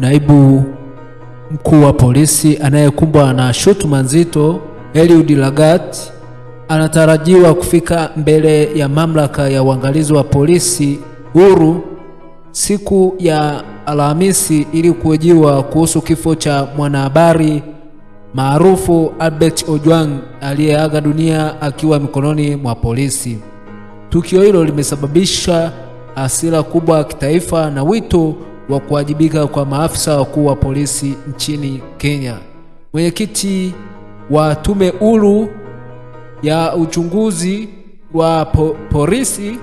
naibu mkuu wa polisi anayekumbwa na shutuma nzito Eliud Lagat anatarajiwa kufika mbele ya mamlaka ya uangalizi wa polisi huru siku ya Alhamisi ili kuhojiwa kuhusu kifo cha mwanahabari maarufu Albert Ojwang aliyeaga dunia akiwa mikononi mwa polisi. Tukio hilo limesababisha hasira kubwa ya kitaifa na wito wa kuwajibika kwa maafisa wakuu wa polisi nchini Kenya. Mwenyekiti wa tume huru ya uchunguzi wa po polisi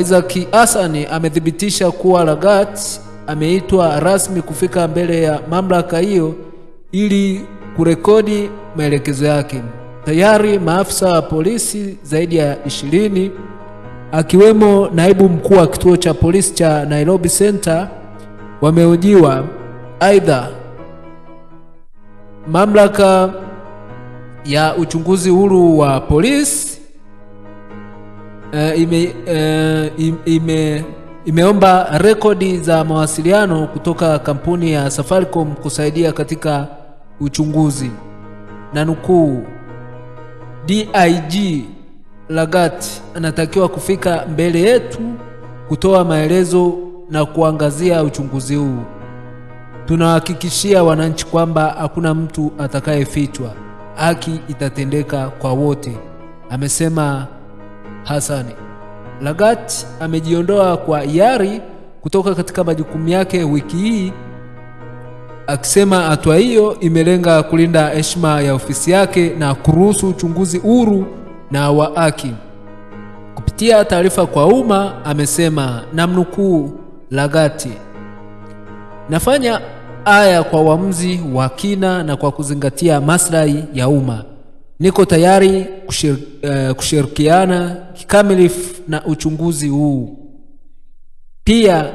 Isaac Asani amethibitisha kuwa Lagat ameitwa rasmi kufika mbele ya mamlaka hiyo ili kurekodi maelekezo yake. Tayari maafisa wa polisi zaidi ya ishirini akiwemo naibu mkuu wa kituo cha polisi cha Nairobi Center wameojiwa Aidha, mamlaka ya uchunguzi huru wa polisi uh, ime, uh, ime, imeomba rekodi za mawasiliano kutoka kampuni ya Safaricom kusaidia katika uchunguzi na nukuu DIG Lagat anatakiwa kufika mbele yetu kutoa maelezo na kuangazia uchunguzi huu. tunahakikishia wananchi kwamba hakuna mtu atakayefichwa, haki itatendeka kwa wote, amesema Hasani. Lagat amejiondoa kwa hiari kutoka katika majukumu yake wiki hii, akisema hatua hiyo imelenga kulinda heshima ya ofisi yake na kuruhusu uchunguzi huru na wa haki. Kupitia taarifa kwa umma amesema, namnukuu Lagati, nafanya haya kwa uamuzi wa kina na kwa kuzingatia maslahi ya umma. Niko tayari kushir, uh, kushirikiana kikamilifu na uchunguzi huu. Pia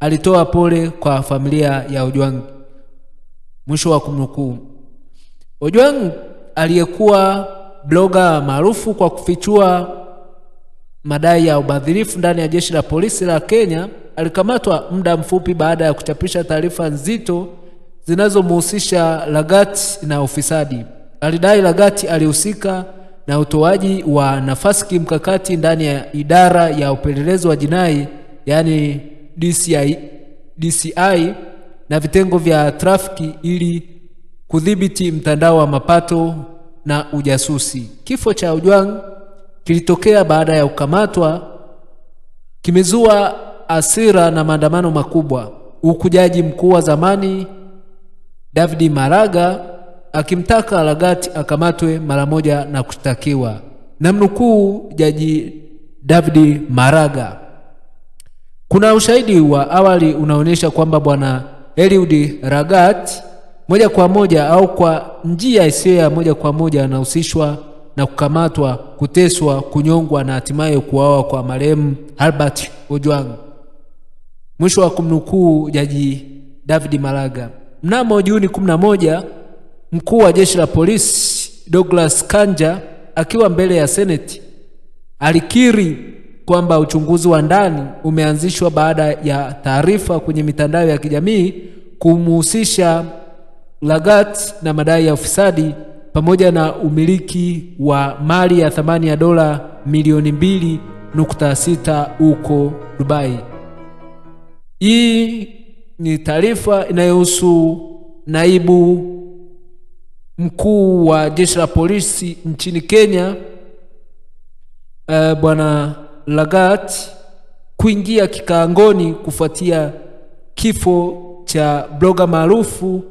alitoa pole kwa familia ya Ojwang. Mwisho wa kumnukuu. Ojwang aliyekuwa bloga maarufu kwa kufichua madai ya ubadhirifu ndani ya jeshi la polisi la Kenya alikamatwa muda mfupi baada ya kuchapisha taarifa nzito zinazomhusisha Lagat na ufisadi. Alidai Lagat alihusika na utoaji wa nafasi kimkakati ndani ya idara ya upelelezi wa jinai yaani DCI, DCI na vitengo vya trafiki ili kudhibiti mtandao wa mapato na ujasusi. Kifo cha Ojwang kilitokea baada ya kukamatwa, kimezua asira na maandamano makubwa, huku jaji mkuu wa zamani David Maraga akimtaka Lagat akamatwe mara moja na kushtakiwa. Namnukuu jaji David Maraga, kuna ushahidi wa awali unaonyesha kwamba bwana Eliud Lagat moja kwa moja au kwa njia isiyo ya moja kwa moja anahusishwa na kukamatwa, kuteswa, kunyongwa na hatimaye kuuawa kwa marehemu Albert Ojwang. Mwisho wa kumnukuu Jaji David Maraga. Mnamo Juni 11, mkuu wa jeshi la polisi Douglas Kanja akiwa mbele ya Seneti alikiri kwamba uchunguzi wa ndani umeanzishwa baada ya taarifa kwenye mitandao ya kijamii kumhusisha lagat na madai ya ufisadi pamoja na umiliki wa mali ya thamani ya dola milioni mbili nukta sita huko Dubai. Hii ni taarifa inayohusu naibu mkuu wa jeshi la polisi nchini Kenya eh, bwana Lagat kuingia kikaangoni kufuatia kifo cha bloga maarufu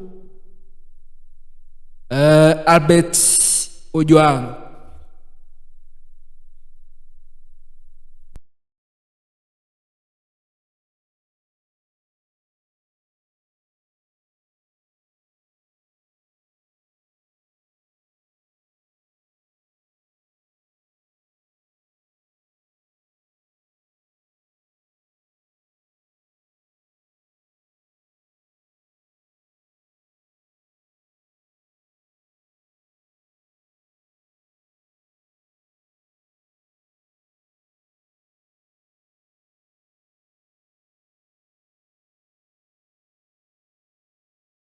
uh, Albert Ojuang